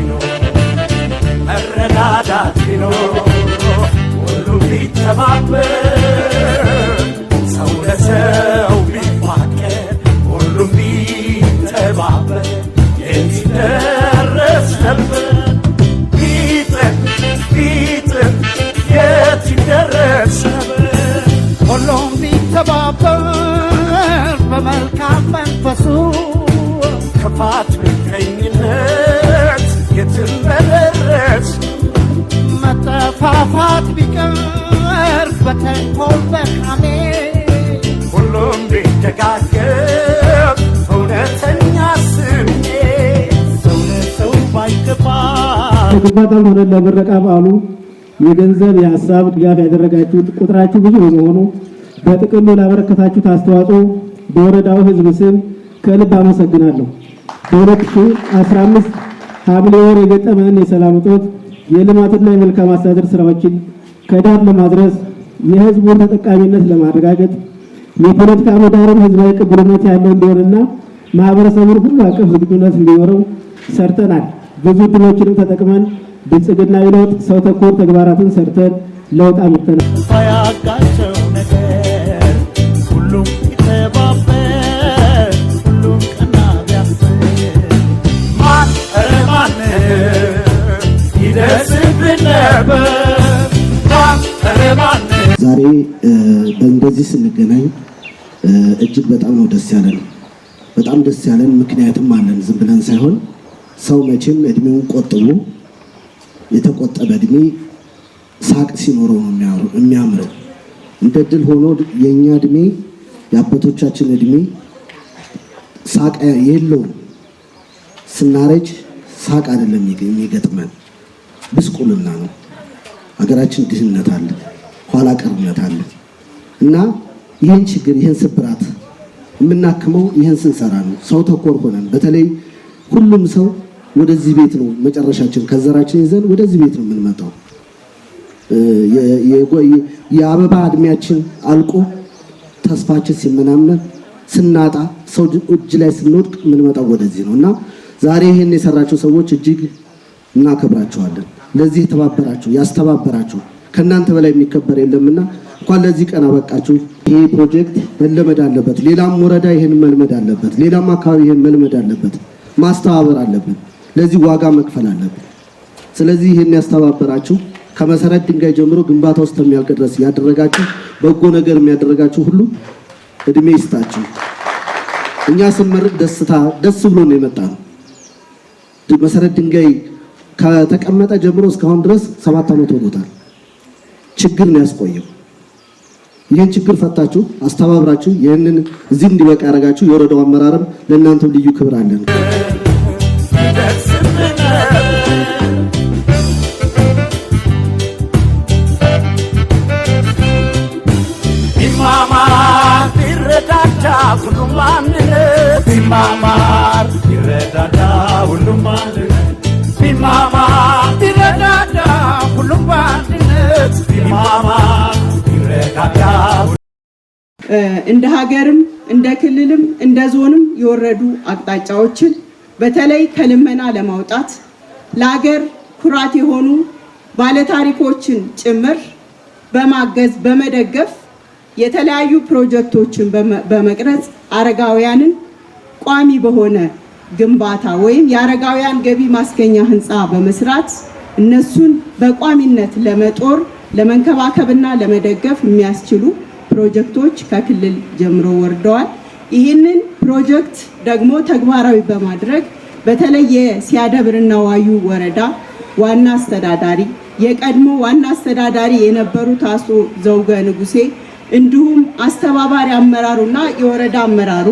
ቢኖር መረዳዳት ቢኖር ሁሉም ቢተባበር ሰው ለሰው ቢፋቀር ሁሉም ቢተባበር የሚደረስ ነበር። ቢጥር ቢጥር የት ይደረስ ነበር። ሁሉም ቢተባበር በመልካም መንፈሱ ክፋት ቢቀር በተንኮል በካሜ ሁሉም ቢደጋገፍ እውነተኛ ስሜ ሰውነት ሰው ባይገባ ለምረቃ በዓሉ የገንዘብ የሀሳብ ድጋፍ ያደረጋችሁት ቁጥራችሁ ብዙ በመሆኑ በጥቅሉ ላበረከታችሁት አስተዋጽኦ በወረዳው ሕዝብ ስም ከልብ አመሰግናለሁ። በ2015 ሐምሌ ወር የገጠመን የሰላም እጦት የልማትና የመልካም አስተዳደር ስራዎችን ከዳር ለማድረስ የህዝቡን ተጠቃሚነት ለማረጋገጥ የፖለቲካ ምህዳሩን ህዝባዊ ቅቡልነት ያለው እንዲሆንና ማህበረሰቡን ሁሉ አቀፍ ዝግጁነት እንዲኖረው ሰርተናል። ብዙ ድሎችንም ተጠቅመን ብልጽግናዊ ለውጥ ሰው ተኮር ተግባራትን ሰርተን ለውጥ አምጥተናል። ዛሬ በእንደዚህ ስንገናኝ እጅግ በጣም ነው ደስ ያለን። በጣም ደስ ያለን ምክንያትም አለን። ዝም ብለን ሳይሆን ሰው መቼም እድሜውን ቆጥቦ የተቆጠበ እድሜ ሳቅ ሲኖረው ነው የሚያምረው። እንደ ድል ሆኖ የእኛ እድሜ የአባቶቻችን እድሜ ሳቅ የለውም። ስናረጅ ሳቅ አይደለም የሚገጥመን፣ ብስቁልና ነው። ሀገራችን ድህነት አለ። ኋላ ቀርነታለች እና ይህን ችግር ይህን ስብራት የምናክመው ይህን ስንሰራ ነው። ሰው ተኮር ሆነን በተለይ ሁሉም ሰው ወደዚህ ቤት ነው መጨረሻችን፣ ከዘራችን ይዘን ወደዚህ ቤት ነው የምንመጣው። የአበባ እድሜያችን አልቆ ተስፋችን ሲመናመን ስናጣ ሰው እጅ ላይ ስንወድቅ የምንመጣው ወደዚህ ነው እና ዛሬ ይህን የሰራቸው ሰዎች እጅግ እናከብራቸዋለን። ለዚህ የተባበራችሁ ያስተባበራችሁ ከእናንተ በላይ የሚከበር የለምና እንኳን ለዚህ ቀን አበቃችሁ። ይህ ፕሮጀክት መለመድ አለበት። ሌላም ወረዳ ይህን መልመድ አለበት። ሌላም አካባቢ ይህን መልመድ አለበት። ማስተባበር አለብን። ለዚህ ዋጋ መክፈል አለብን። ስለዚህ ይህን ያስተባበራችሁ ከመሰረት ድንጋይ ጀምሮ ግንባታ ውስጥ የሚያልቅ ድረስ ያደረጋችሁ በጎ ነገር የሚያደረጋችሁ ሁሉ እድሜ ይስጣችሁ። እኛ ስንመርቅ ደስታ ደስ ብሎ ነው የመጣ ነው። መሰረት ድንጋይ ከተቀመጠ ጀምሮ እስካሁን ድረስ ሰባት ዓመት ሆኖታል። ችግር ነው ያስቆየው። ይህን ችግር ፈታችሁ አስተባብራችሁ ይህንን እዚህ እንዲበቃ ያደረጋችሁ የወረዳው አመራርም ለእናንተም ልዩ ክብር አለን። ቢማማር ቢረዳዳ ሁሉም አንድ ነው። ሁሉም እንደ ሀገርም እንደ ክልልም እንደ ዞንም የወረዱ አቅጣጫዎችን በተለይ ከልመና ለማውጣት ለሀገር ኩራት የሆኑ ባለታሪኮችን ጭምር በማገዝ በመደገፍ የተለያዩ ፕሮጀክቶችን በመቅረጽ አረጋውያንን ቋሚ በሆነ ግንባታ ወይም የአረጋውያን ገቢ ማስገኛ ህንፃ በመስራት እነሱን በቋሚነት ለመጦር ለመንከባከብና ለመደገፍ የሚያስችሉ ፕሮጀክቶች ከክልል ጀምሮ ወርደዋል። ይህንን ፕሮጀክት ደግሞ ተግባራዊ በማድረግ በተለየ ሲያደብርና ዋዩ ወረዳ ዋና አስተዳዳሪ የቀድሞ ዋና አስተዳዳሪ የነበሩት አቶ ዘውገ ንጉሴ እንዲሁም አስተባባሪ አመራሩና የወረዳ አመራሩ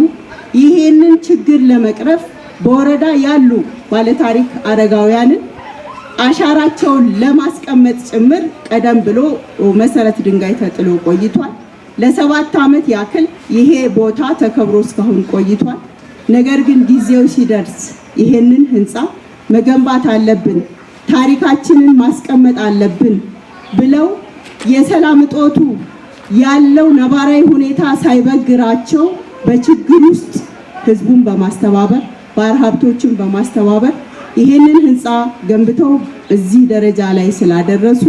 ይህንን ችግር ለመቅረፍ በወረዳ ያሉ ባለታሪክ አረጋውያንን አሻራቸውን ለማስቀመጥ ጭምር ቀደም ብሎ መሰረት ድንጋይ ተጥሎ ቆይቷል። ለሰባት ዓመት ያክል ይሄ ቦታ ተከብሮ እስካሁን ቆይቷል። ነገር ግን ጊዜው ሲደርስ ይሄንን ህንፃ መገንባት አለብን፣ ታሪካችንን ማስቀመጥ አለብን ብለው የሰላም እጦቱ ያለው ነባራዊ ሁኔታ ሳይበግራቸው በችግር ውስጥ ህዝቡን በማስተባበር ባለሀብቶችን በማስተባበር ይህንን ህንፃ ገንብተው እዚህ ደረጃ ላይ ስላደረሱ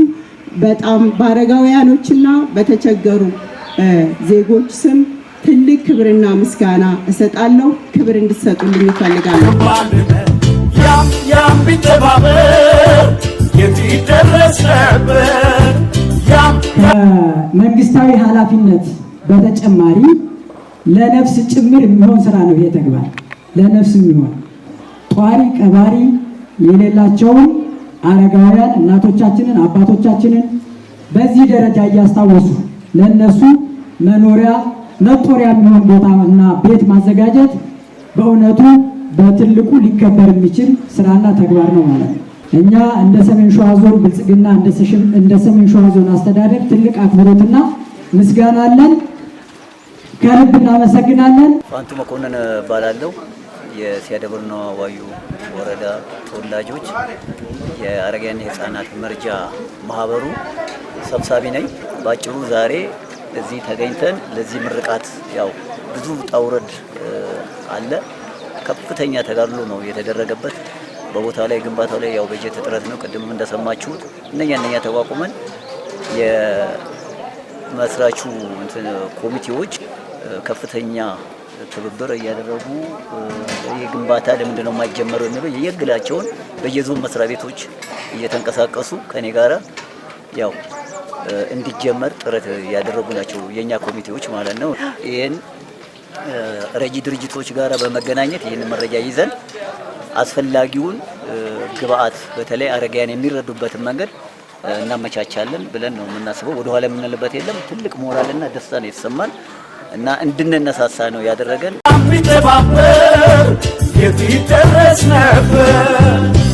በጣም በአረጋውያኖችና በተቸገሩ ዜጎች ስም ትልቅ ክብርና ምስጋና እሰጣለሁ። ክብር እንድትሰጡልኝ እፈልጋለሁ። ያም መንግስታዊ ኃላፊነት በተጨማሪ ለነፍስ ጭምር የሚሆን ስራ ነው። ይሄ ተግባር ለነፍስ የሚሆን ጧሪ ቀባሪ የሌላቸውን አረጋውያን እናቶቻችንን አባቶቻችንን በዚህ ደረጃ እያስታወሱ ለእነሱ መኖሪያ መጦሪያ የሚሆን ቦታ እና ቤት ማዘጋጀት በእውነቱ በትልቁ ሊከበር የሚችል ስራና ተግባር ነው ማለት ነው። እኛ እንደ ሰሜን ሸዋ ዞን ብልጽግና እንደ ሰሜን ሸዋ ዞን አስተዳደር ትልቅ አክብሮትና ምስጋና አለን። ከልብ እናመሰግናለን። ፋንቱ መኮንን እባላለሁ። የሲያደብርና ዋዩ ወረዳ ተወላጆች የአረጋውያን ሕፃናት መርጃ ማህበሩ ሰብሳቢ ነኝ። ባጭሩ ዛሬ እዚህ ተገኝተን ለዚህ ምርቃት ያው ብዙ ጣውረድ አለ። ከፍተኛ ተጋድሎ ነው የተደረገበት በቦታ ላይ ግንባታው ላይ ያው በጀት እጥረት ነው። ቅድምም እንደሰማችሁት እነኛ እነኛ ተቋቁመን የመስራቹ ኮሚቴዎች ከፍተኛ ትብብር እያደረጉ የግንባታ ለምንድን ነው የማይጀመረው የሚሉ የየግላቸውን በየዞን መስሪያ ቤቶች እየተንቀሳቀሱ ከኔ ጋራ ያው እንዲጀመር ጥረት ያደረጉ ናቸው የእኛ ኮሚቴዎች ማለት ነው። ይህን ረጂ ድርጅቶች ጋር በመገናኘት ይህን መረጃ ይዘን አስፈላጊውን ግብአት በተለይ አረጋያን የሚረዱበትን መንገድ እናመቻቻለን ብለን ነው የምናስበው። ወደኋላ የምንልበት የለም። ትልቅ ሞራልና ደስታ ነው የተሰማን። እና እንድንነሳሳ ነው ያደረገን። ቢተባበር የት ይደረስ ነበር።